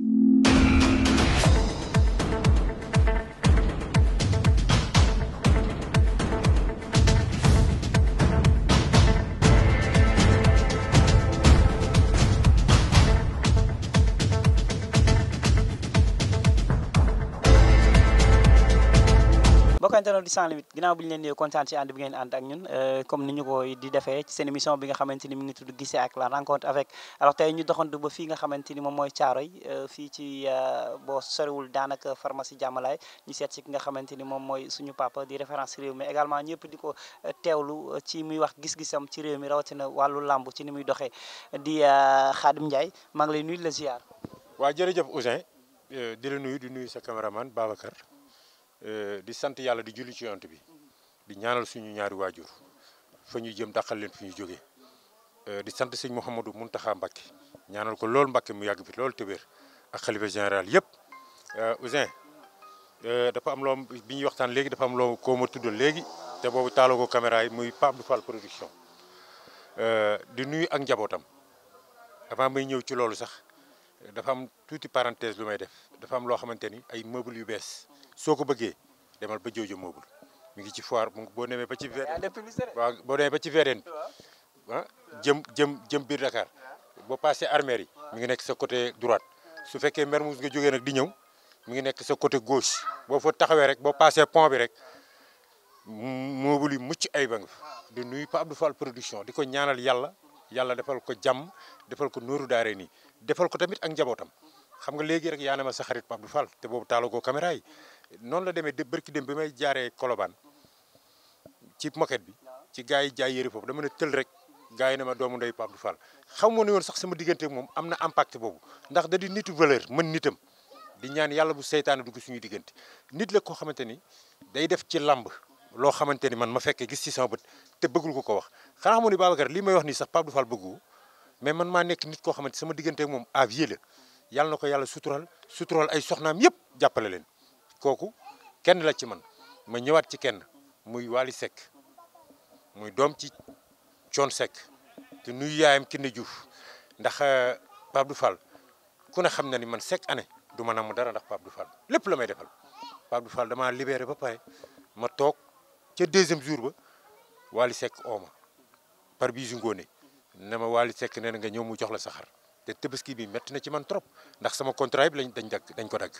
Mm-hmm. internet di sans bi ñu leen di kontaan ci ànd bi ngeen ànd ak ñun euh, comme ni ñu ko di defee ci seen émission bi nga xamante ni mu ngi tudd gise ak la rencontre avec alors tey ñu doxantu ba fii nga xamante ni moom mooy Caaroy euh, fii ci euh, boo soriwul daanaka pharmacie Jàmmalaay ñu seet ci ki nga xamante ni moom mooy suñu papa di référence réew mi également ñëpp di ko teewlu ci muy wax gis-gisam ci réew mi rawatina wàllu làmb ci ni muy doxee di Khadim Ndiaye maa ngi lay nuyu la ziar. waa jërëjëf Ouzin di la nuyu di nuyu sa caméraman Babacar. Euh, di sant yàlla di julli ci yonent bi di ñaanal suñu ñaari waajur fa ñu jëm dàqal leen fi ñu jógee euh, di sant sëñ Mouhamadou Mountakha Mbacké ñaanal ko lool Mbacké mu yàgg bi loolu te wér ak xalifa général yëpp euh, Ousin dafa am loo bi ñuy waxtaan léegi dafa am loo ko ma tuddal léegi te boobu taaloo ko caméra yi muy Pape Abdou Fall production di nuyu ak njabootam avant may ñëw ci loolu sax dafa am tuuti parenthèse lu may def dafa am loo xamante ni ay meubles yu bees soo ko bëggee demal ba Jojo Meuble mu ngi ci foire boo demee ba ci VDN waaw boo demee ba ci VDN ah jëm jëm jëm biir Dakar boo passé armère yi mi ngi nekk sa côté droite su fekkee Mermoz nga jógee nag di ñëw mi ngi nekk sa côté gauche boo fa taxawee rek boo passé pont bi rek Meuble yi mucc ay ba nga fa di nuyu Pape Abdou Fall production di ko ñaanal yàlla yàlla defal ko jàmm defal ko nooru daare nii defal ko tamit ak njabootam xam nga léegi rek yaa ne ma sa xarit Pape Abdou Fall te boobu taaloo ko caméra yi noonu la demee de bërki dem bi may jaaree Colobane ci moquette bi ci gaa yi jaay yére foofu dama a tël rek gars yi ne ma doomu ndey Pape Abdou Fall xamu ne woon sax sama diggante moom am na impact boobu ndax di nitu valeur mën nitam di ñaan yàlla bu seytaane dugg suñuy diggante nit la koo xamante ni day def ci làmb loo xamante ni man ma fekkee gis ci sama bët te bëggul ko ko wax xanaa xamoon ni Babacar lii may wax nii sax Pape Abdou Fall mais man maa nekk nit koo xamante sama diggante moom à vie la yàlla na ko yàlla sutural sutural ay soxnaam yëpp jàppale leen kooku kenn la ci man ma ñëwaat ci kenn muy Wally sekk muy doom ci coon sekk te nuyu yaayam Kinde juuf ndax euh, Pape du Fall ku ne xam na ni man Seck année du ma namm dara ndax Pape du Fall lépp la may defal Pape du Fall damaa libéré ba pare ma toog ca deuxième jour ba Wally Seck ooma par bisu ngoone ne ma Wally Seck nee na nga ñëw mu jox la saxaar te tabaski bi métti na ci man trop ndax sama contrat bi lañ dañ dagg dañ ko dagg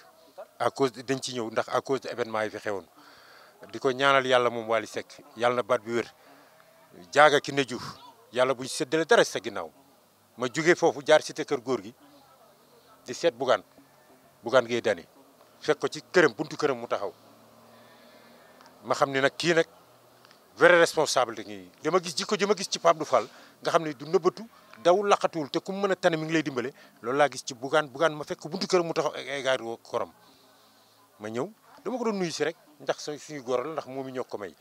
à cause dañ ci ñëw ndax à de événement yi fi xewoon di ko ñaanal yàlla moom Wally sekk yàlla na baat bi wér jaaga ki ne Diouf yàlla buñ séddale dara sa ginnaaw ma jóge foofu jaar cité kër góor gi di seet Bougane Bougane Gueye Dany fekk ko ci këram buntu këram mu taxaw ma xam ni nag kii nag vrai responsable ngi li ma gis jikko ji ma gis ci Pape du Fall nga xam ne du nëbbatu daw laqatuwul te ku mu mën a tane mi ngi lay dimbale loolu laa gis ci Bougane Bougane ma fekk buntu këram mu taxaw ak ay korom ma ñëw dama ko doon nuyu si rek ndax suñu góor la ndax moom mi ñoo ko may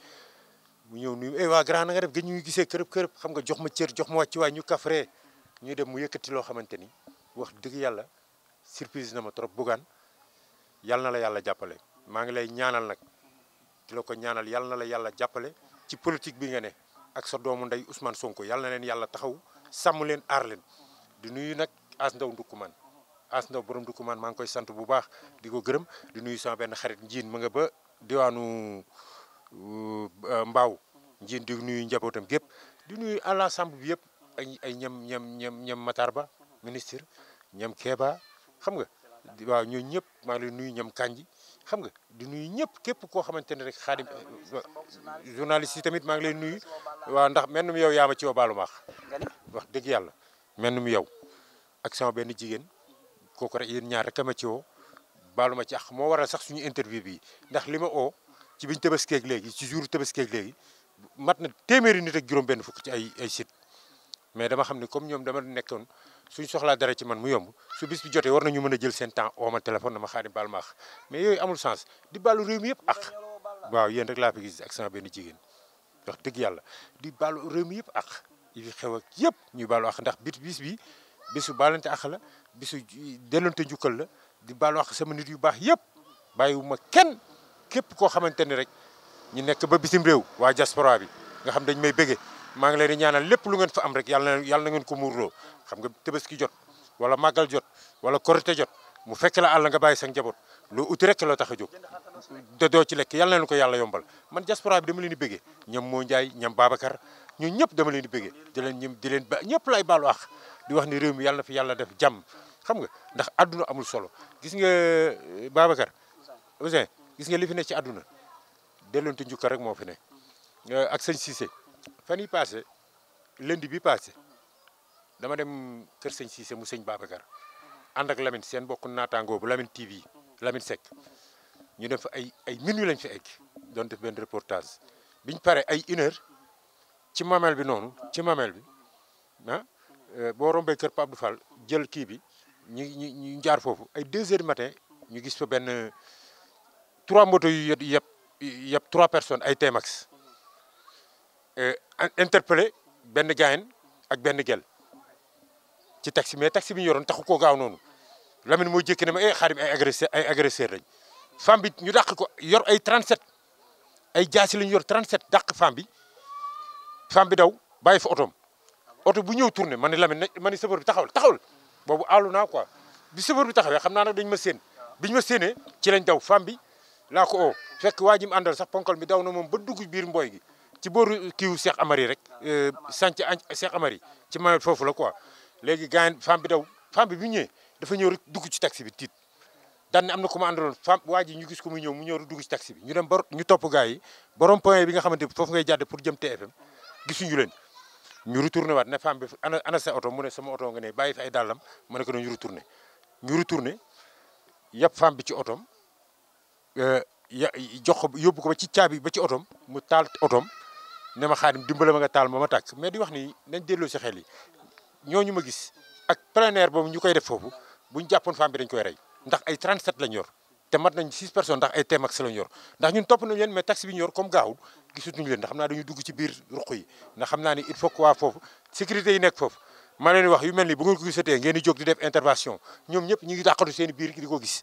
mu ñëw nuyu eh waa grand na nga def gëj ñu gisee kërëb kërëb xam nga jox ma cër jox ma wàcc waay ñu kafree ñuy dem mu yëkkati loo xamante ni wax dëgg yàlla surprise na ma trop bugaan yàlla na la yàlla jàppale maa ngi lay ñaanal nag di la ko ñaanal yàlla na la yàlla jàppale ci politique bi nga ne ak sa doomu ndey Ousmane Sonko yàlla na leen yàlla taxaw sàmm leen aar leen di nuyu nag as ndaw as ndaw borom dukumaan maa ngi koy sant bu baax di ko gërëm di nuyu sama benn xarit njiin ma nga ba diwaanu euh, mbaaw njiin di nuyu njabootam gépp di nuyu à l'ensemble bi yëpp ay ay ñam ñam ñam ñam Matar Ba ministre ñam keeba xam nga waaw ñooñu ñëpp maa ngi lay nuyu ñam Kanji xam nga di nuyu ñëpp képp koo xamante ni rek xaadim euh, journaliste yi tamit maa ngi lay nuyu waaw ndax menn ni yow yaa ma ci woo baalu maax wax dëgg yàlla mel ni yow ak sama benn jigéen kooku rek yéen ñaar rek a ma ci woo baalu ma ci ax moo waral sax suñu interview bi ndax li ma oo ci biñ tëbaskeeg léegi ci jour tëbaskeeg léegi mat na téeméeri nit ak juróom benn fukk ci ay ay mais dama xam ne comme ñoom dama nekkoon suñ soxlaa dara ci man mu yomb su bis bi jotee war na ñu mën a jël seen temps oo ma na ma xaari baal ma ax mais yooyu amul sens di baalu réew mi yëpp ax waaw yéen rek laa fi ak sama benn jigéen wax dëgg yàlla di baalu réew yëpp ax xew ak yëpp ñuy baalu ax ndax biti bis bi bisu baalante ax la bisu te njukkal la di baal wax sama nit yu baax yëpp bàyyiwuma kenn képp koo xamante ni rek ñu nekk ba bisim réew waa diaspora bi nga xam dañ may bëgge maa ngi leen di ñaanal lépp lu ngeen fa am rek yàlla na yàlla ngeen ko muurloo xam nga tabaski jot wala màggal jot wala korite jot mu fekk la àll nga bàyyi sa njaboot loo uti rek loo tax a jóg da doo ci lekk yàlla na ko yàlla yombal man diaspora bi dama leen di bëggee ñoom moo Ndiaye ñam Babacar ñun ñëpp dama leen di bëggee di leen ñëm di leen ba ñëpp lay baalu àq di wax ni réew mi yàlla na fi yàlla def jàmm xam nga ndax àdduna amul solo gis nga euh, Babacar Ousseyn gis nga li fi ne ci àdduna delloonte njukkal rek moo fi ne euh, ak sëñ Cissé fan yi passé bi passé dama dem kër sëñ Cissé mu sëñ Babacar ànd ak Lamine seen bokk naataangoo bu Lamine TV Lamine Seck ñu def ay ay minuit lañ fi egg doon def benn reportage biñ pare ay une ci mamel bi noonu ci mamel bi ah, Euh, boo rombee kër Pape Abdou jël kii bi ñu ñu ñu jaar foofu ay 2 heures matin ñu gis fa benn trois moto yu yëpp yëpp yëpp trois personnes ay T-Max euh, interpellé benn gaayen ak benn gel ci taxi mais taxi bi ñu yoroon taxu koo gaaw noonu Lamine moo jëkki ne ma eh ay agresseur ay agresseur lañ femme bi ñu dàq ko yor ay 37 ay jaasi la ñu yor 37 dàq femme bi femme bi daw bàyyi fa otoom oto bu ñëw turne man ne Lamine ne chauffeur bi taxawal taxawal boobu àllu naa quoi bi chauffeur bi taxawee xam naa nag dañ ma séen biñ ma séenee ci lañ daw femme bi laa ko oo fekk waa ji mu àndal sax ponkal mi daw na moom ba dugg biir mbooy gi ci booru kiw Cheikh amari rek euh, sànc Cheikh Amary ci mayotte foofu la quoi léegi gaañ femme bi daw femme bi bi ñëwee dafa ñëw dugg ci taxi bi tiit daan ne am na ku ma àndaloon femme waa ji ñu gis ko mu ñëw mu ñëw dugg ci taxi bi ñu dem ba ñu topp gars yi borom point bi nga xamante foofu ngay jàdd pour jëm TFM gisuñu leen ñu retourné waat ne femme bi ana ana sa oto mu ne sama oto ne bàyyi fi ay dàllam ma ne ko ñu retourné ñu retourné yàpp femme bi ci otoom euh, ya jox ko yóbbu ko ba ci caabi ba ci otoom mu taal otoom ne ma xaadim dimbale ma nga taal ma ma tàkk mais di wax ni nañ delloo si xel yi ñooñu ma gis ak plein air boobu ñu koy def foofu bu ñu jàppoon femme bi dañ koy rey ndax ay 37 lañ yor te mat nañ 6 personnes ndax ay teem ak sa lañ yor ndax ñun topp nañ leen mais taxi bi ñu yor comme gaawul gisatuñu leen ndax xam naa dañu dugg ci biir ruq yi ndax naa ni il faut que waa foofu sécurité yi nekk foofu ma leen wax yu mel ni bu ngeen ko gisatee ngeen di jóg di intervention ñoom ñëpp ñu ngi dàqatu seen biir di ko gis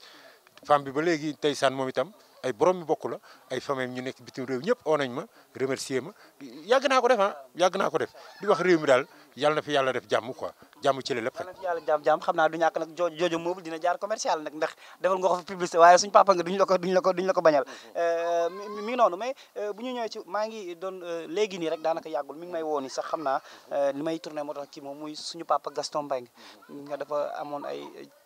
femme bi ba léegi tey san moom itam ay borom mi bokk la ay famille ñu nekk bitim réew ñëpp oo nañ ma remercier ma yàgg naa ko def a ah yàgg naa ko def di wax réew mi daal yàlla fi yàlla def jàmm quoi jàmm ci lépp xëy na fi yàlla jàmm jàmm xam naa du ñàkk nag joojo meuble dina jaar commercial nag ndax defal nga ko fi publicité waaye suñu papa ko ko ko bañal euh, mi ngi noonu mais euh, bu ñu ñëwee ci maa ngi doon euh, léegi nii rek daanaka yàggul mi ngi may woo ni sax xam naa li may tourné moo kii moom muy suñu papa Gaston Mbengue nga dafa amoon ay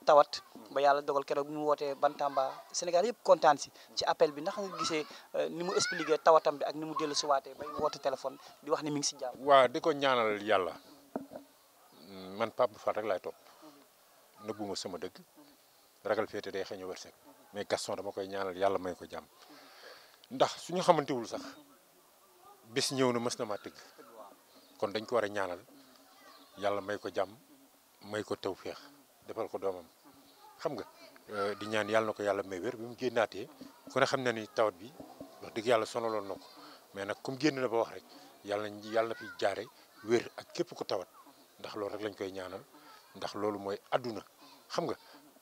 tawat ba yàlla dogal keroog bi mu wootee Bantamba Sénégal yëpp kontaan si ci appel bi ndax nga gisee ni mu expliqué tawatam bi ak ni mu dellu si waatee bay téléphone di wax ni mi ngi si jàmm waaw di ko ñaanal yàlla Mm, man Pape Fall rek laay topp nëbbuma sama dëgg ragal féete day xëy ñu wërsëg mais Gaston dama koy ñaanal yàlla may ko jàmm ndax suñu xamantewul sax bés ñëw na mës na maa kon dañ ko war a ñaanal yàlla may ko jàmm may ko taw féex defal ko doomam xam nga euh, di ñaan yàlla ko yàlla may wér bi mu génnaatee ku ne xam na ni tawat bi wax dëgg yàlla sonaloon na ko mais nag comme génn na ba wax rek yàlla na yàlla na fi jaare wér ak képp ku tawat ndax loolu rek lañ koy ñaanal ndax loolu mooy adduna xam nga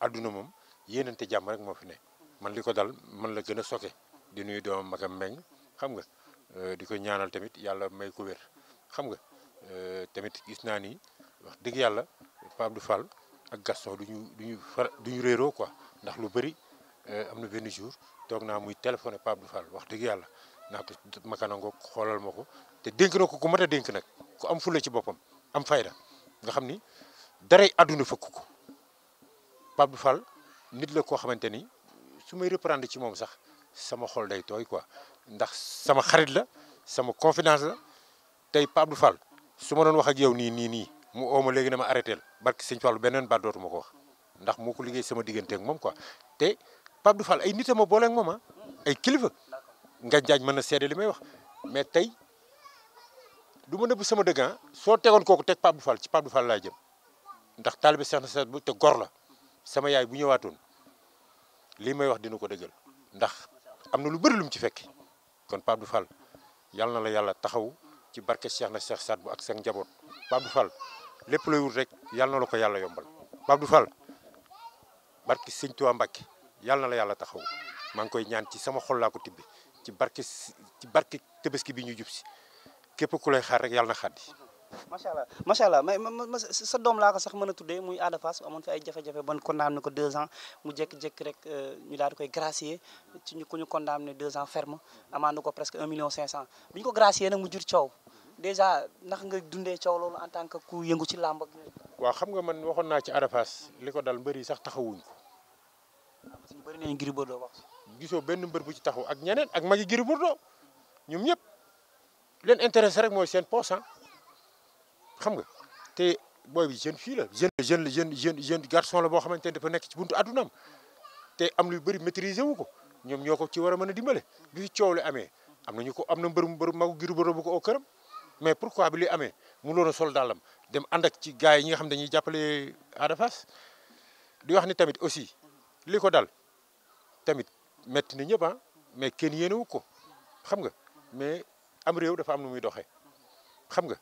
adduna moom yéenante jàmm rek moo fi ne man li ko dal man la gën a soke di nuyu doomam magam Mbengue xam nga euh, di ko ñaanal tamit yàlla may ko wér xam nga euh, tamit gis naa ni wax dëgg yàlla Pape Abdou Fall ak Gaston du ñu du ñu far du ñu réeroo quoi ndax lu bëri euh, am na benn jour toog naa muy téléphone Pape Abdou Fall wax dëgg yàlla naa ko makanango xoolal ma ko te dénk na ko ku mat a dénk nag ku am fule ci boppam am fayda nga xam ni daray àdduna fëkk ko Pape Fall nit la koo xamante ni su may reprendre ci moom sax sama xol day tooy quoi ndax sama xarit la sama confidence la tey Pape Fall su ma doon wax ak yow nii nii nii mu ooma léegi ma arrêté barki sëñ Fallu beneen baat ko wax ndax moo ko liggéey sama diggante ak moom quoi te Pape Fall ay nit a ma boole ak moom ah, ay kilifa nga jaaj mën na seede li may wax mais tey du ma nëbb sama dëgg ah. soo tegoon kooku teg Pape Fall ci Pape Fall laa jëm ndax taalibe Cheikh na Cheikh bu te gor la sama yaay bu ñëwaatoon lii may wax dina ko dëggal ndax am na lu bëri lu ci fekk kon Pape Fall yàlla na la yàlla taxaw ci barke Cheikh na Cheikh Saad bu ak sa njaboot Pape Fall lépp lay wut rek yàlla na la ko yàlla yombal Pape Fall barke Sëñ Tuubaa Mbàkke yàlla na la yàlla taxaw maa ngi koy ñaan ci sama xol laa ko tibbi ci barke ci barke Tabaski bi ñu jub si képp ku lay xaar rek yàlla na xaddi. macha allah macha allah mais ma sa doom laa ko sax mën a tuddee muy Ada Fass amoon fi ay jafe-jafe ban condamné ko deux ans mu jékki-jékki rek euh, ñu daal di koy gracier ci ñu ku ñu condamné deux ans ferme amende ko presque un million cinq cent ko gracier nag mu jur coow déjà naka nga dundee coow loolu en tant que ku yëngu ci làmb ak waaw xam nga man waxoon naa ci Ada li ko dal mbër yi sax taxawuñ ko. Ah, parce que ñu bëri nañu Gris Bordeaux wax. gisoo benn mbër bu ci taxaw ak ñeneen ak magi Gris Bordeaux ñoom ñëpp. leen intéressé rek mooy seen poche ah. xam nga te booy bi jeune fille la jeune jeune jeune jeune garçon la boo xamante ne a nekk ci buntu addunaam te am lu bëri maîtriser wu ko ñoom ñoo ko ci war a mën a dimbale bi fi coow li amee am na ñu ko am na mbër mu mbër magu giru bu ko au këram mais pour pourquoi bi li amee mu loon a sol dàllam dem ànd ak ci gars yi ñi nga xam dañuy jàppale Ada di wax ni tamit aussi li ko dal tamit metti na ñëpp ah mais kenn yéenewu ko xam nga mais am réew dafa am nu muy doxee xam nga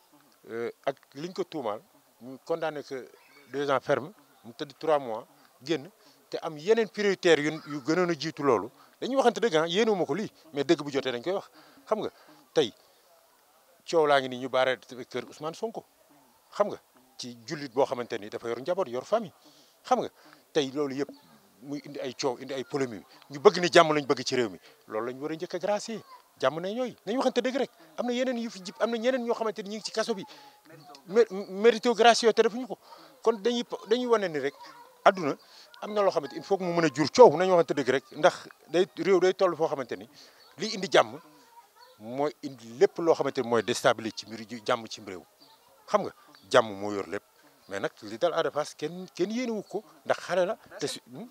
euh, ak liñ ko tuumaal ñu condamné que deux ans ferme mu tëdd trois mois génn te am yeneen prioritaire yu yu gënoon a jiitu loolu dañuy waxante dëgg ah yéenuma ko lii mais dëgg bu jotee dañ koy wax xam nga tey coow laa ngi nii ñu baaree kër Ousmane Sonko xam nga ci jullit boo xamante ni dafa yor njaboot yor famille xam nga tey loolu yëpp. muy indi ay coow indi ay polémique ñu bëgg ni jàmm lañ bëgg ci réew mi loolu lañ war a njëkk a gracier jàmm na ñooy nañu waxante dëgg am na yeneen yu fi am na ñeneen ñoo xamante ni ñu ngi ci kaso bi méritocratie yoo te defuñu ko kon dañuy dañuy wane ni rek adduna am na loo xamante il faut que mu mën a jur coow nañu waxante dëgg rek ndax day réew day toll foo xamante ni liy indi jàmm mooy indi lépp loo xamante ni mooy déstabiliser ci mbir jàmm ci réew xam nga jàmm moo yor lépp mais nag li dal kenn kenn yéenewu ndax xale te si. Hmm,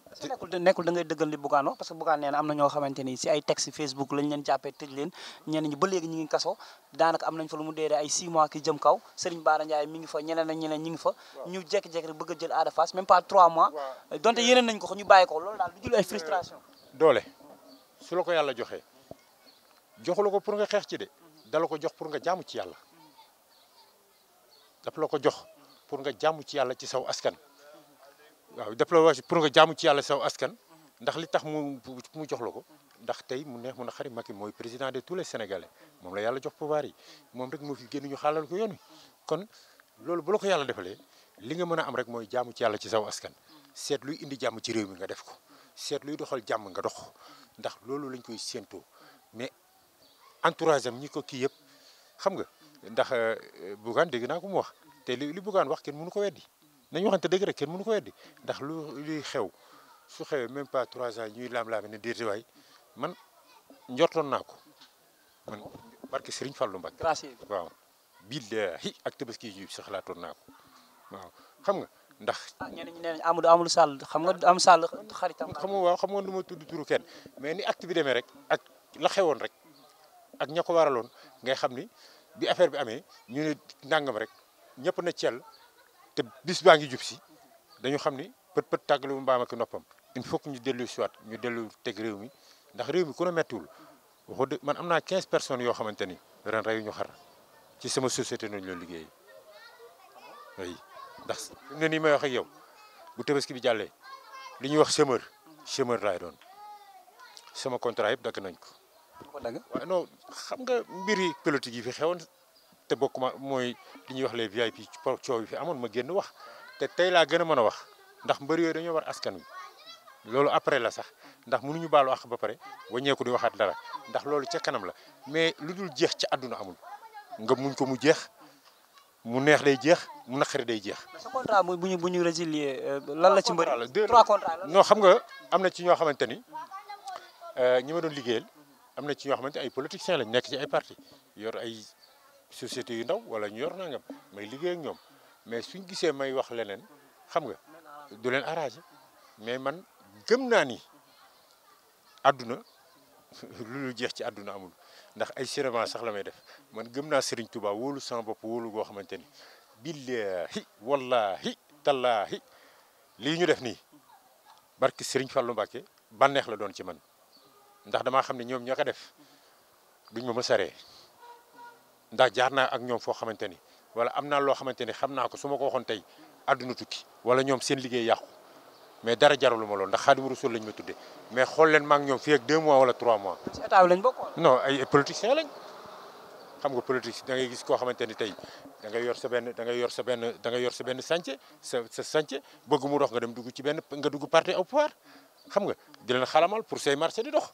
nekkul da ngay dëggal li Bougane wax parce que Bougane nee na am na ñoo xamante ni si ay texte Facebook lañ leen jàppee tëj leen ñenn ñi ba léegi ñu ngi kaso daanaka am nañ fa lu mu deedee ay 6 mois ki jëm kaw Serigne Bara Ndiaye mi fa ñeneen ak ñi ngi ñu jékki-jékki rek a jël Ada Fass pas 3 mois. donte yeneen nañ ko ko ñu bàyyi ko loolu daal du jël ay frustration. Euh, doole su la ko yàlla joxee joxu la ko pour pour nga jaamu ci yàlla ci saw askan waaw déploiement pour nga jaamu ci yàlla saw askan ndax li tax mu mu jox la ko ndax tey mu neex mun a xari Macky mooy président de tous les sénégalais moom la yàlla jox pouvoir yi moom rek moo fi génn ñu xaalal ko yoon kon loolu bu la ko yàlla defalee li nga mën a am rek mooy jaamu ci yàlla ci saw askan seet luy indi jàmm ci réew mi nga def ko seet luy doxal jàmm nga dox ndax loolu lañ koy séentoo mais entourage am ñi ko kii yëpp xam nga ndax euh, Bougane dégg naa ko mu wax te li li bëggoon wax kenn mënu ko weddi nañu waxante dëgg rek kenn mënu ko weddi ndax lu luy xew su xewee même pas trois ans ñuy laam-laame ne déedéet waay man njortoon naa ko man barke Serigne Fallou Mbacké waaw billaahi ak tabaski ji sax xalaatoon naa xam nga ndax ah, ñeneen ñi nee nañ Amadou amul Sall xam nga am Sall xaritam xam nga waaw xam nga du ma tudd turu kenn mais ni acte rek ak la xewoon rek ak ña ko waraloon ngay xam ni bi affaire bi amee ñu ne rek ñëpp na cel te bis baa ngi jub si dañu xam ni pët pët tàggale bu mbaam ak noppam il faut ñu dellu siwaat ñu dellu teg réew mi ndax réew mi ku ne mettiwul man am naa quinze personnes yoo xamante ni ren reyu ñu xar ci sama société nañu loolu liggéey oui ndax fi mu ne nii may wax ak yow bu tabaski bi jàllee li ñuy wax chômeur chômeur laay doon sama contrat yëpp dagg nañ ko. waaw non xam nga mbiri politique yi fi xewoon te ma mooy li ñuy wax les VIP ci coow bi fi amoon ma génn wax te tey laa gën a mën a wax ndax mbër yooyu dañoo war askan wi loolu après la sax ndax mënuñu baalu àq ba pare waññeeku di waxaat dara ndax loolu ca kanam la mais lu dul jeex ci àdduna amul nga muñ ko mu jeex mu neex day jeex mu naqari day jeex. sa contrat bu ñu bu ñu résilier euh, lan la ci mbëri. trois contrats la non xam nga am na ci ñoo xamante ni euh, ñi ma doon liggéeyal am na ci ñoo xamante ay politiciens lañ nekk ci ay parti yor ay société yu ndaw wala ñu yor nangam may liggéey ak ñoom mais suñ gisee may wax leneen xam nga du leen arrangé mais man gëm naa ni àdduna lu jeex ci àdduna amul ndax ay serment sax la may def man gëm naa Serigne Touba wóolu bopp wóolu goo xamante ni billahi wallahi tallahi lii ñu def nii barki Serigne Fallou Mbacké banneex la doon ci man ndax damaa xam ne ñoom ñoo def duñ ma ma saree ndax jaar naa ak ñoom foo xamante ni wala am na loo xamante ni xam naa ko su ma ko waxoon tey àdduna tukki wala ñoom seen liggéey yàqu mais dara jaralu ma loolu ndax Xaadimu Rasuul lañ ma tuddee mais xool leen ma ak ñoom fii ak 2 mois wala 3 mois. ci état bi ay politiciens lañ xam nga politique da ngay gis koo xamante ni tey dangay yor sa benn da ngay yor sa benn da ngay yor sa benn sànce sa sa sànce mu dox nga dem dugg ci benn nga dugg parti au xam nga di leen xalamal pour say marché di dox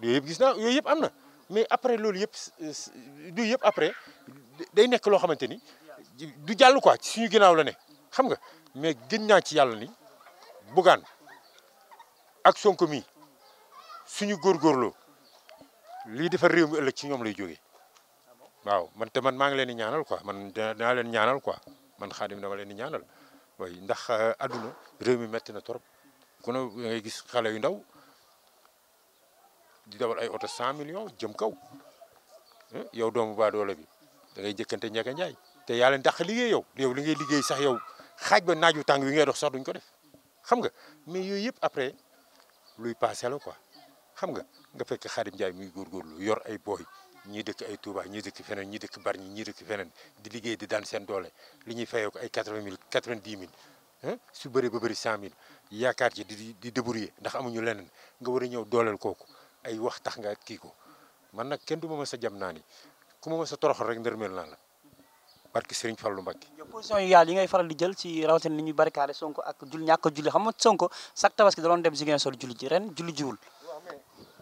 yooyu yëpp gis naa yooyu yëpp am na. mais après loolu yëpp euh, du yëpp après day nekk loo xamante ni du jàll quoi ci suñu ginnaaw la ne xam nga mais gën naa ci yàlla ni Bougane ak Sonko mi suñu góorgóorloo lii defar réew mi ëllëg ci ñoom lay jóge waaw man te man maa ngi leen di ñaanal quoi man dinaa leen ñaanal quoi man Xaadim dama leen di ñaanal waaye ndax euh, àdduna réew mi metti na trop ku gis xale yu ndaw di dawal ay oto 100 millions jëm kaw hmm? yow doomu baadoole bi da jëkkante njëkk a njaay te yaa leen dàq liggéey yow li ngay liggéey sax yow xaaj ba naaju tàng wi ngay dox sax duñ ko def xam nga mais yooyu yëpp après luy passé la quoi xam nga nga fekk Xaadim Njaay muy lu yor ay booy ñii dëkk ay Touba ñii dëkk feneen ñii dëkk Bargny ñii dëkk feneen di liggéey di daan seen doole li ñuy fayoo ko ay 80 mille 90 mille hmm? su bëree ba bëri 100 mille yaakaar ci di di débrouiller ndax amuñu leneen nga war ñëw dooleel kooku ay wax tax nga kii ko man nag kenn du ma mës sa jam naa ni ku ma mës a toroxal rek ndërmeel naa la barki Serigne Fallou Mbacke. position yu yàlla yi ngay faral di jël ci rawatina ni ñuy barricade Sonko ak jul ñàkk a julli xam nga Sonko chaque tabaski da doon dem Ziguinchor julli ren julli jiwul.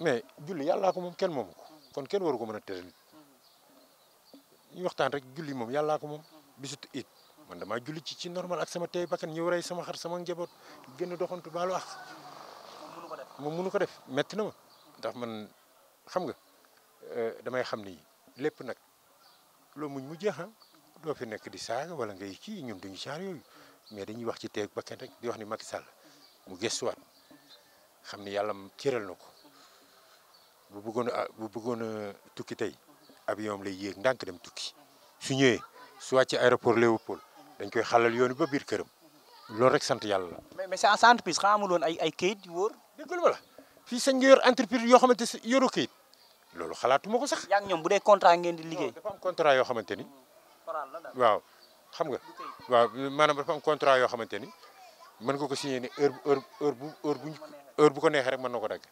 mais julli yàllaa ko moom kenn moomu ko kon kenn waru ko mën a tere nit ñu waxtaan rek julli moom yàllaa ko moom bisu it man damaa julli ci ci normal ak sama tey bakkan ñëw rey sama xar sama njaboot gën a doxantu baalu ak moom mënu ko def metti na ma tax man xam nga euh, damay xam ni lépp nag loo muñ mu jeex doo ah, fi nekk di saaga wala ngay ci ñun duñu saar yooyu mais dañuy wax ci teeg bakkan rek di wax ni Macky Sall mu gëstuwaat xam ni yàlla cëral na ko bu bëggoon a bu bëggoon a tukki tey avion lay yéeg ndànk dem tukki su ñëwee su wàccee aéroport Léopold dañ koy xalal yoon ba biir këram loolu rek sant yàlla la. mais mais sa entreprise xanaa amuloon ay ay kayit fii sañ nga yor entreprise yoo xamante si yoru kayit loolu xalaatuma ko sax. yaa ngi ñoom bu dee contrat ngeen di liggéey. dafa am contrat yoo xamante ni hmm, waaw xam nga waaw maanaam dafa am contrat yoo xamante ni mën nga ko signé ni heure heure bu heure bu heure bu ko neexee rek mën na ko dagg.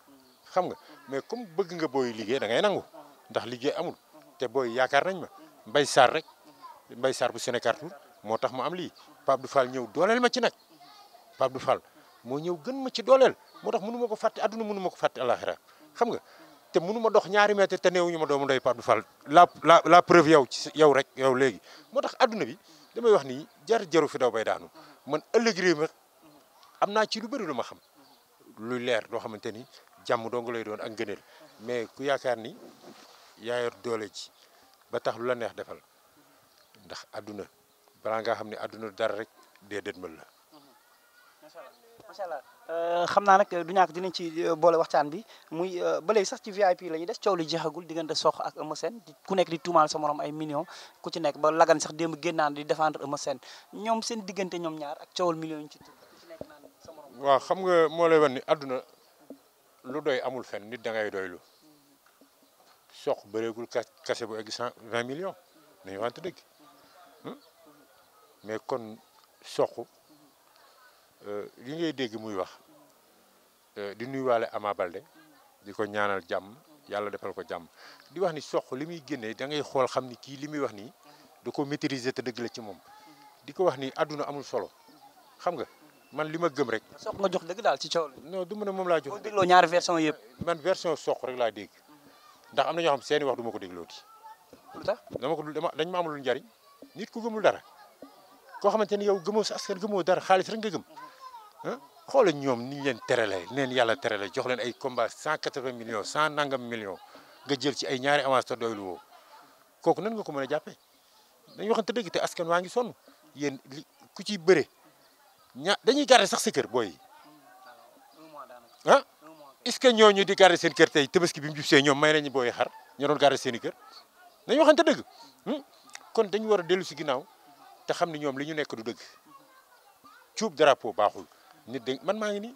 xam nga hmm. mais comme bëgg nga booy liggéey da ngay nangu hmm. ndax liggéey amul te booy yaakaar nañ ma mbay Sarr rek mbay Sarr bu Sénégal moo tax mu am lii Pape Dou Fall ñëw dooleel ma ci nag Pape Dou Fall. moo ñëw gën ma ci dooleel moo tax mënu ma ko fàtte adduna mënu ma ko fàtte alaxira xam nga te mënuma ma dox ñaari mètre te néewuñu ma doomu ndoy Pape fal la la la preuve yow ci yow rek yow léegi moo tax àdduna bi damay wax ni jar jaru fi daw bay daanu man ëllëg réew mi am naa ci lu bëri lu ma xam lu leer loo xamante ni jàmm dong lay doon ak ngëneel mais ku yaakaar ni yaa doole ci ba tax lu la neex defal ndax adduna balaa nga xam ne adduna dara rek dee dëdmal la mm-hmm. macha allah euh, xam naa nag du ñàkk dinañ ci euh, boole waxtaan bi muy euh, ba léegi sax ci VIP la ñuy des coow la jeexagul diggante Sokh ak Eumeu seen ku nekk di tuumaal sa ay million ku ci nekk ba lagan sax démb génnaan di défendre Eumeu Sène ñoom seen diggante ñoom ñaar ak coowal millions yi ci sa morom. xam nga moo lay wan ni àdduna lu doy amul fen nit da ngay doylu Sokh bëreegul kase bu egg cent vingt millions nañu wante dëgg hmm? mais kon Sokh. Euh, li ngay dégg muy wax euh, di nuyuwaale Ama Balde di ko ñaanal jàmm yàlla defal ko jàmm di wax ni sox li muy génnee da ngay xool xam ni kii li muy wax nii da ko maîtriser te dëgg la ci moom di ko wax ni àdduna amul solo xam nga man li ma gëm rek. sox nga jox dëgg daal ci coow non du ma moom laa jox. boo dégloo ñaari version yëpp. man version sox rek laa dégg ndax am ñoo xam seeni wax du ma ko déglooti. lu tax dama ko dama dañ ma amul njariñ nit ku gëmul dara koo xamante ni yow gëmoo sa askan gëmoo dara xaalis rek nga gëm. xoola ñoom ni ñu leen terale neen yàlla terale jox leen ay combat cent quatre-vingts millions cent nanga millions nga jël ci ay ñaari avance te doylu woo kooku nan nga ko mën a jàppee dañu waxante dëgg te askan waa ngi sonn yéen ku ciy bëre ña dañuy garder sax sa kër booy yi ah est-ce que ñooñu di garder seen kër tey tabaski bi mu jub see ñoom may nañu booy xar ñu doon seeni seen i kër dañu waxante dëgg hmm? kon dañu war a dellu si ginnaaw te xam ne ñoom li ñu nekk du dëgg cuub drapeau baaxul nit de man maa ngi nii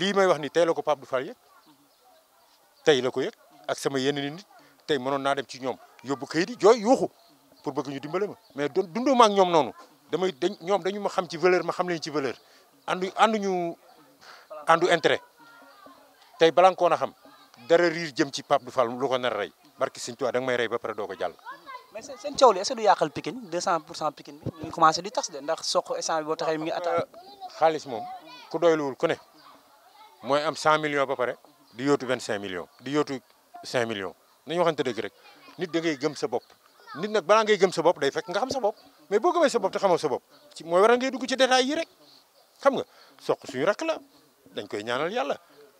lii may wax ni tey la ko Pape du Fall yëg tey la ko yëg ak sama yenn nit tey mënoon naa dem ci ñoom yóbbu kayit di jooy yuuxu pour bëgg ñu dimbale ma. mais doon dundoo ma ak ñoom noonu damay dañ ñoom dañu ma xam ci valeur ma xam leen ci valeur andu anduñu andu intérêt tey balaa nga koo na xam dara riir jëm ci Pape du Fall lu ko nar a rey barki Sëñ Tuubaa da nga may rey ba pare doo ko jàll. mais seen seen coow li est-ce que du yàqal Pikine 200 pour cent Pikine bi ñu ngi commencé di tas de ndax soq instant boo taxee mi ngi attaqué. xaalis moom ku doyluwul ku ne mooy am cent million ba pare di yóotu 25 millions di yóotu 5 millions nañu waxante dëgg rek nit da gëm sa bopp. nit nag balaa ngay gëm sa bopp day fekk nga xam sa bopp mais boo gëmee sa bopp te xamoo sa bopp ci mooy waral ngay dugg ci détails yi rek xam nga soq suñu rakk la dañ koy ñaanal yàlla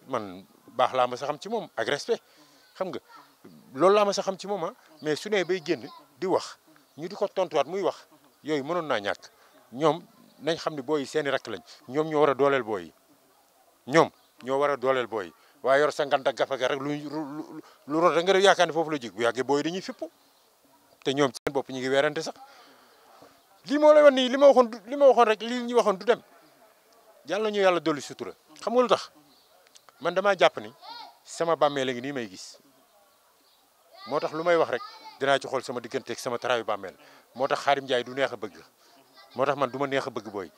man baax laa ma sa xam ci moom ak respect xam nga loolu laa ma sa xam ci moom ah mais su nee bay génn. di wax ñu di ko tontuwaat muy wax yooyu mënoon naa ñàkk ñoom nañ xam ne booy yi seen i rakk lañ ñoom ñoo war a dooleel booy ñoom ñoo war a dooleel booy waaye yor sa ngant ak rek lu lu rot rek nga yaakaar ne foofu la jig bu yàggee booy dañuy fippu te ñoom seen bopp ñu ngi weerante sax lii moo lay wax nii li ma waxoon li ma waxoon rek lii ñu waxoon du dem yàlla ñu yàlla dolli sutura xam nga lu tax man damaa jàpp ni sama bàmmee la ngi nii may gis moo tax lu may wax rek dinaa ci xool sama digganteeg sama taraayu bàmmeel moo tax xaarim Ndiaye du neex a bëgg moo tax man du ma neex a bëgg booy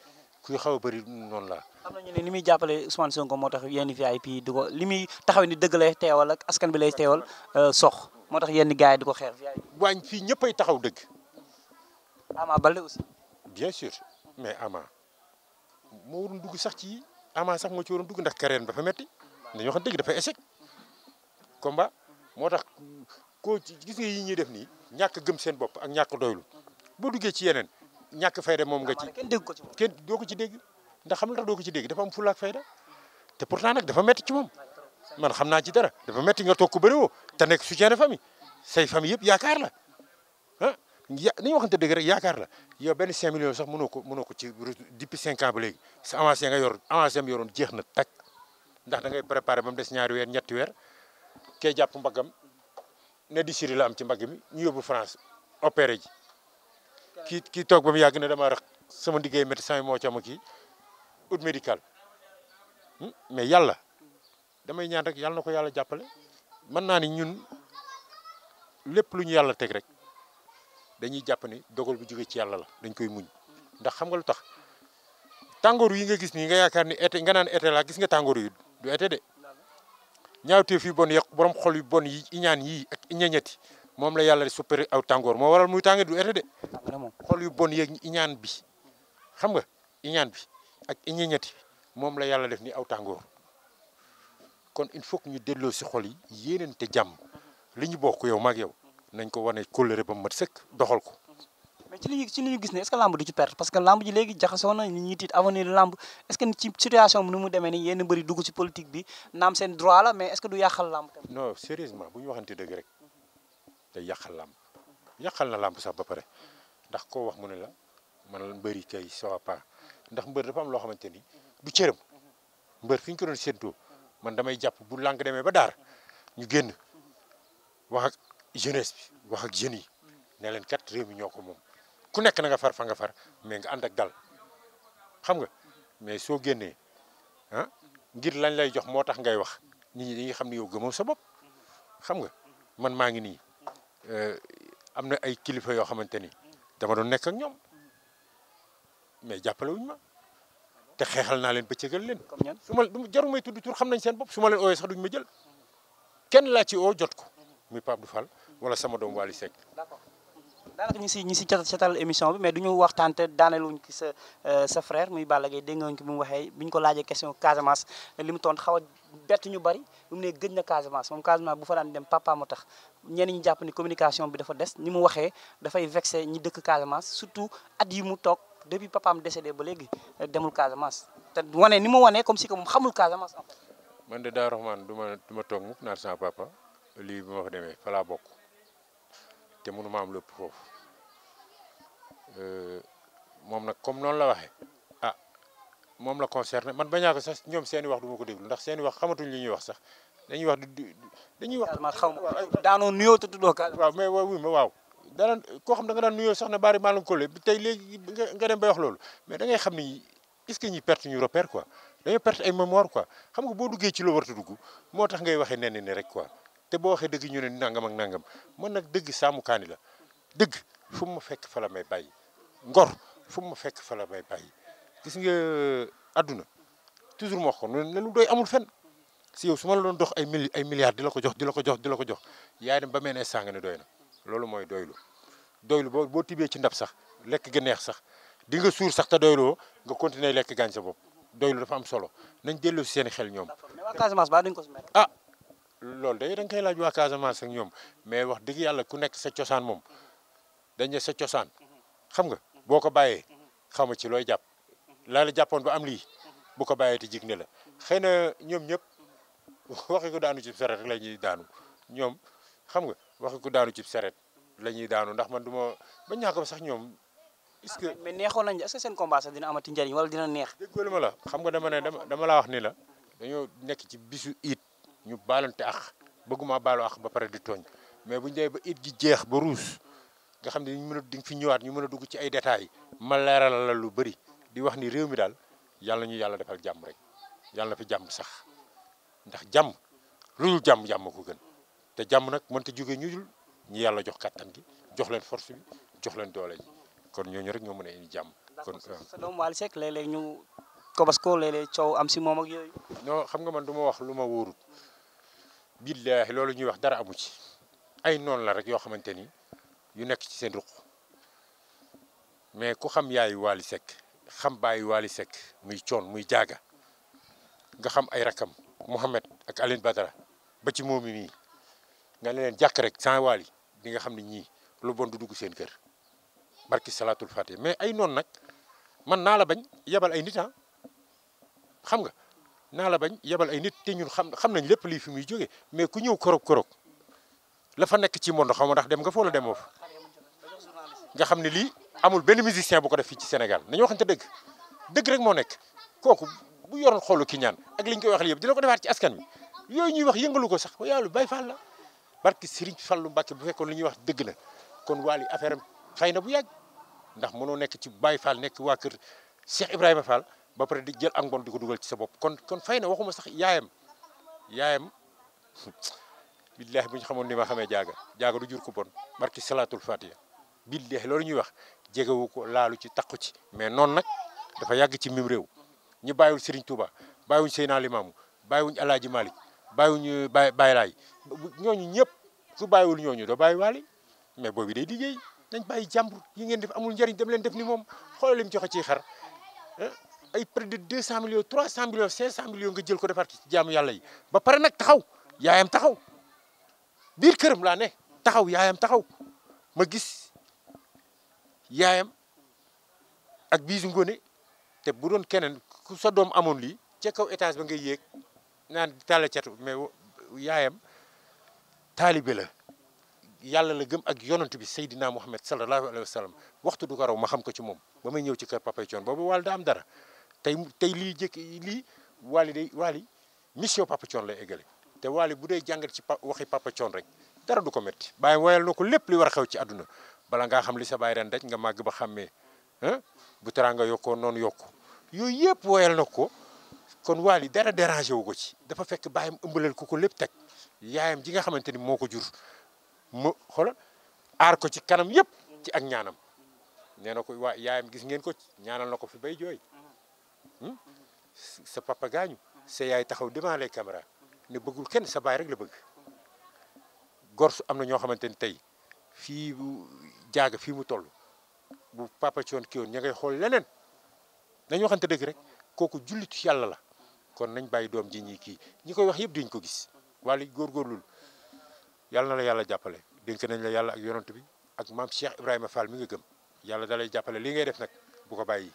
kuy xaw a bëri noonu laa. am nañu ne ni muy jàppale Ousmane Sonko di ko li muy taxaw ni dëgg lay teewal ak bi lay teewal euh, sox moo tax yenn gars yi di ko xeer. waañ fii ñëppay taxaw dëgg. Ama Baldé aussi. bien sûr mais Ama moo waroon dugg sax ci Ama sax moo ci waroon dugg ndax carrière dafa metti dañoo xam dëgg dafa échec combat moo tax koo gis nga yi ñuy def nii ñàkk gëm seen bopp ak ñàkk doylu boo duggee ci yeneen ñàkk fayda moom nga ci kenn ko ci moom doo ko ci dégg ndax xam nga doo ko ci dégg dafa am fulaak fayda te pourtant nag dafa metti ci moom man xam naa ci dara dafa metti nga toog ko bëri woo te nekk soutien de famille say famille yëpp yaakaar la ah ya ni ñu waxante dëgg rek yaakaar la yow benn 5 millions sax mënoo ko mënoo ko ci depuis 5 ans ba léegi sa avancé nga yor jeex na tàkk ndax da ngay préparé ba mu des ñaari weer ñetti weer kee jàpp mbaggam ne di siri la am ci mbagg mi ñu yóbbu France opéré ji kii kii toog ba mu yàgg na dama rax sama liggéey médecin moo ci am kii ut hmm, mais yàlla damay ñaan rek yàlla na ko yàlla jàppale mën naa ni ñun lépp lu ñu yàlla teg rek dañuy jàpp ni dogal bu jógee ci yàlla la dañ koy muñ ndax xam nga lu tax tàngoor yi nga gis nii nga yaakaar ni été nga naan été laa gis nga tàngoor yi du été de ñaawteef yu bon yeq borom xol yu bon yi ñaan yii ak iñañati moom la yàlla di supéré aw tàngoor moo waral muy tànga du été de xol yu bon yeeg iñaan bi xam nga iñaan bi ak iñañati moom la yàlla def ni aw tàngoor kon il faut ñu delloo si xol yi yéeneen te jàmm li ñu bokk yow maag yow nañ ko wane kóllëre ba mat sëkk doxal ko ci li ñu ci gis ne est-ce que lamb du ci perte parce que lamb ji léegi jaxasoo na nit ñi tiit avenir lamb est-ce que ci situation bi nu mu demee nii yenn bëri dugg ci politique bi naam seen droit la mais est du yàqal lamb yàqal na lamb sax ba pare ndax koo wax mu ne la man mbëri kay ça va pas ndax mbër dafa am loo xamante ni bu cëram mbër fi ñu ko doon séentoo man damay jàpp bu lànk demee ba daar ñu génn wax ak jeunesse bi wax ak yi ne leen kat réew mi ñoo ko moom. ku nekk na nga far fa nga far mais nga ànd ak dal xam nga mais soo génnee ah ngir lañ lay jox moo tax ngay wax nit ñi dañuy xam ne yow gëmoo sa bopp xam nga man maa ngi nii eh, am na ay kilifa yoo xamante ni dama doon nekk ñoom mais jàppale wuñ ma te xeexal naa leen bëccëgal leen. su ma jaru may tudd tur xam nañ seen bopp su ma leen ooyee sax duñ ma jël kenn laa ci oo jot ko muy Pape Abdou Fall wala sama doom Waly Seck. daanaka ñu si ñu si catal émission bi mais du ñu waxtaan te daaneluñ ci sa euh, sa frère muy Balla Gaye dégg ko mu waxee bi ñu ko laajee question Casamance li mu toon xaw a bett ñu bari mu ne na Casamance moom bu fa daan dem papa moo tax ñenn ñi jàpp ni communication bi dafa des ni mu waxee dafay vexé ñi dëkk Casamance surtout at yi mu toog depuis papaam décédé ba léegi euh, demul Casamance te wane ni mu wanee comme si que moom xamul Casamance man de daa Rahman du ma du ma toog mukk naan sama papa lii bi ma fa demee fa bokk te mënuma am lépp foofu euh, moom nag comme noonu la waxee a ah, moom la concerné man bañaa ko sax ñoom seeni wax du ma ko déglu ndax seeni wax xamatuñ li ñuy wax sax dañuy wax du dañuy wax. ma xaw ma daanoo nuyoo te tuddoo ka waaw mais waaw wuy ma waaw daan koo xam da nga daan nuyoo sax na bari maa la ko tey léegi nga dem bay wax loolu mais da ngay xam ni est-ce que ñi perte ñu repère quoi dañoo perte ma mémoire quoi xam nga boo dugee ci loo warta dugg moo tax ngay waxee nenn ni rek quoi. te boo waxee dëgg ñu ne nangam ak nangam man nag dëgg saamu kaani la dëgg fu mu ma fekk fa la may bàyyi ngor fu mu ma fekk fa la may bàyyi gis nga àdduna toujours moo ko ko la lu doy amul fen si yow su ma la doon dox ay mili ay milliards di la ko jox di la ko jox di la ko jox yaay dem ba mel ne sàng ne doy na loolu mooy doylu doylu boo boo tibbee ci ndab sax lekk ga neex sax di nga suur sax te doyloo nga continuer lekk gaañ sa bopp doylu dafa am solo nañ delloo si seen xel ñoom. ah loolu day da nga koy laaj waa Casamance ak ñoom mais wax dëgg yàlla ku nekk sa cosaan moom dañ ne sa cosaan xam nga boo ko bàyyee xama ci looy jàpp laa jàppoon ba am lii bu ko bàyyee te jig ne la xëy na ñoom ñëpp waxi ko daanu ci saret rek la ñuy daanu ñoom xam nga waxi daanu ci saret la daanu ndax man du ma ba ñàkk sax ñoom est-ce que ah, mais neexoon nañu est-ce que seen combat sax dina amati njariñ wala dina neex. déggoolu ma la xam nga dama wax ni la dañoo nekk ci bisu iid ñu te ax bëgguma baalo ax ba pare di tooñ mais bu ñu demee ba it gi jeex ba ruus nga xam ne ñu mën a fi ñëwaat ñu mën a dugg ci ay détails ma leeral la lu bari di wax ni réew mi daal yàlla ñu yàlla defal jàmm rek yàlla fi jàmm sax ndax jàmm lu dul jàmm jàmm ko gën te jàmm nag mënta jóge ñu ñu yàlla jox kàttan gi jox leen force bi jox leen doole ji kon ñooñu rek ñoo mën a indi jàmm. kon sa doom Wally Seck léeg-léeg ñu kobas ko léeg coow am si moom ak yooyu. non xam nga man du ma wax lu ma wóorut billaahi loolu ñuy wax dara amu ci ay noon la rek yoo xamante ni yu nekk ci seen ruq mais ku xam yaayu Waly sekk xam baayu Waly Seck muy coon muy jaaga nga xam ay rakam Mouhamed ak Aline batara ba ci moomi mii nga ne leen jàkk rek sans Waly di nga xam ne ñii lu bon du dugg seen kër barki salaatul fatiha mais ay noonu nag man naa la bañ yebal ay nit ah. xam nga naa la bañ yebal ay nit te ñun xam xam nañ lépp lii fi muy jógee mais ku ñëw korog korog la fa nekk ci monde xaw ma ndax dem nga foola wala demoo fa nga xam ne lii amul benn musicien bu ko def fii ci Sénégal nañu waxante dëgg dëgg rek moo nekk kooku bu yoroon xoolu ki ñaan ak li ñu koy waxal yëpp dina ko defaat ci askan wi yooyu ñuy wax yëngalu ko sax yàlla bay Fall la barke Serigne lu Mbacke bu fekkoon li ñuy wax dëgg la kon Wally affaire am fay na bu yàgg ndax mënoo nekk ci Baye Fall nekk waa kër Cheikh Ibrahima Fall ba pare di jël ak di ko dugal ci sa bopp kon kon fay na waxuma sax yaayam yaayam billaahi bu ñu xamoon ni ma xamee jaaga jaaga du jur ko bon barki salaatul fatiha billaahi loolu ñuy wax jegewu ko laalu ci taqu ci mais noonu nag dafa yàgg ci mim réew ñu bàyyiwul Serigne Touba bàyyiwuñ Seydina Limaamu bàyyiwuñ Alaaji Malik bàyyiwuñ Baay Baay Laay ñooñu ñëpp su bàyyiwul ñooñu doo bàyyi waale mais boobu day liggéey dañ bàyyi jàmbur yi ngeen def amul njëriñ dem leen def ni moom xoolal li joxe ciy xar ay près de 200 millions 300 millions 500 millions nga jël ko defar ci jaamu yàlla yi ba pare nag taxaw yaayam taxaw biir këram laa ne taxaw yaayam taxaw ma gis yaayam ak biisu ngóone te bu doon keneen ku sa doom amoon lii ca kaw étage ba ngay yéeg naan tàlla catu mais yaayam taalibe la yàlla la gëm ak yonent bi Seydina Mouhamed sallallahu alayhi wa sallam waxtu du ko raw ma xam ko ci moom ba may ñëw ci kër Papa Thione boobu wàll da am dara tey tey lii jëkk lii Wally day Wally mission Papa Thione lay eggale te Wally bu dee jàngat ci waxi Papa Thione rek dara du ko métti bàyyi woyal na ko lépp li war a xew ci àdduna bala ngaa xam li sa baay ren daj nga màgg ba xàmmee bu taraa nga yokkoo noonu yokk yooyu yëpp woyal na ko kon Wally dara dérangé wu ko ci dafa fekk bàyyam ëmbalal ko ko lépp teg yaayam ji nga xamante ni moo ko jur mu xoolal aar ko ci kanam yëpp ci ak ñaanam nee na ko waa yaayam gis ngeen ko ñaanal na ko fi bay jooy Hmm? sa papa gaañu sa yaay taxaw devant les caméras ne bëggul kenn sa baay rek la bëgg gorsu am na ñoo xamante ni tey fii bu jaaga fii mu toll bu papa coon ki woon ña ngay xool leneen nañu waxante dëgg rek kooku jullitu yàlla la kon nañ bàyyi doom ji ñi kii ñi koy wax yëpp duñ ko gis góor góorgóorlul yàlla na la yàlla jàppale dénk nañ la yàlla ak yonant bi ak maam Cheikh Ibrahima Fall mi nga gëm yàlla da lay jàppale li ngay def nag bu ko bàyyi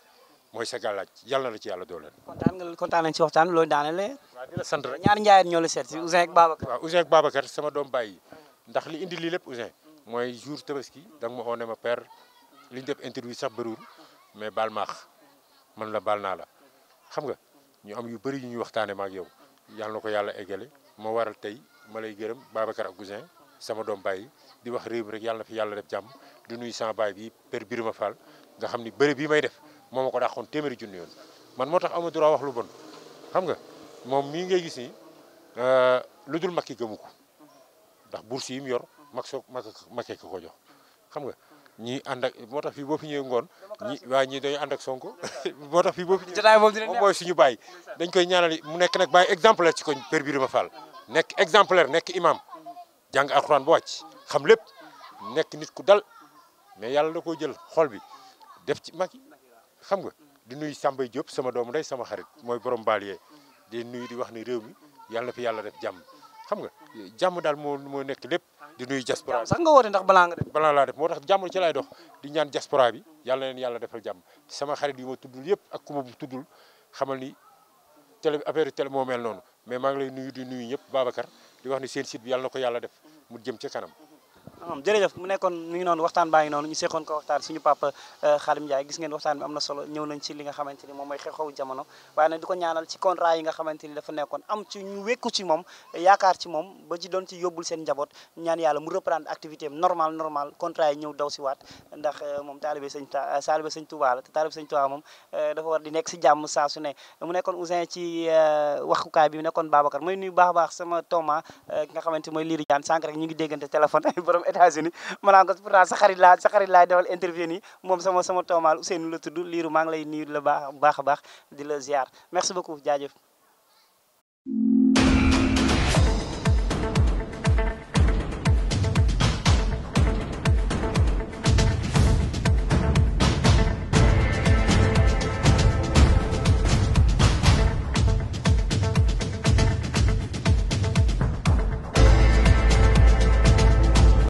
mooy sa gàllaaj yàlla na ci yàlla dooleel. kontaan nga kontaan nañ ci waxtaan bi loolu daanelee. la sant rek ñaar njaayeen ñoo la seet si Ouzin ak Babacar. waaw sama doom bàyyi ndax li indi lii lépp Ouzin mooy jour tabaski da nga ma oo ma père li ñu def interview sax bëriwul mais baal maax man la baal naa la xam nga ñu am yu bëri yu ñuy waxtaanee ma yow yàlla na ko yàlla eggale moo waral tey ma lay gërëm Babacar ak Ouzin sama doom bàyyi di wax réew mi yàlla fi yàlla def jàmm du nuyu sama baay bi père ma Fall nga xam ni bëri bii may def moo ma ko dàqoon téeméeri junni yoon man moo tax amu droit wax lu bon xam nga moom mii ngay gis ni euh, lu dul makki gëmu ko ndax bourse yi mu yor mag soo mag makkee ko jox xam nga ñi ànd ak moo tax fii boo fi ñëwee ngoon ñi waa ñi dañu ànd ak Sonko moo tax fi boo fi ñëwee moom mooy suñu baay dañ koy ñaanal mu nekk nag bàyyi exemplaire ci koñ Père Birima Fall nekk exemplaire nekk imam jàng alxuraan ba wàcc xam lépp nekk nit ku dal mais yàlla da ko jël xol bi def ci mag xam nga di nuyu sàmba Diop sama doom ndey sama xarit mooy borom Balié di nuyu di wax ni réew mi yàlla na fi yàlla def jàmm xam nga jàmm daal moo moo nekk lépp di nuyu diaspora sax nga woote ndax balaa nga balaa laa def moo tax jàmm ci laay di ñaan diaspora bi yàlla leen yàlla defal jàmm sama xarit yi ma tuddul yépp ak ku ma tuddul xamal ni télé affaire télé moo mel noonu mais maa ngi lay nuyu di nuyu ñëpp Babacar di wax ni seen site bi yàlla na ko yàlla def mu jëm ci kanam jërëjëf mu nekkoon mi ngi noonu waxtaan baa ngi noonu ñu seqoon ko waxtaan suñu papa euh, Khadim Ndiaye gis ngeen waxtaan bi am na solo ñëw nañ ci nga xamante mooy xew-xewu jamono moom yaakaar ci moom ba ci doon ci yóbbul seen njaboot euh, euh, te taalibe sëñ Touba moom dafa war di nekk si jàmm saa su ne mu nekkoon Ousin ci waxukaay bi nekkoon Babacar mooy nuyu baax baax sama Thomas nga xamante mooy Liri Diane sànq rek ñu ngi déggante téléphone États-Unis ma naan ko pourtant sa xarit laa sa xarit laa defal interview nii moom sama sama toomaal Ousseynou la tudd liiru maa ngi lay nuyu la baax baax a baax di la ziar merci beaucoup jaajëf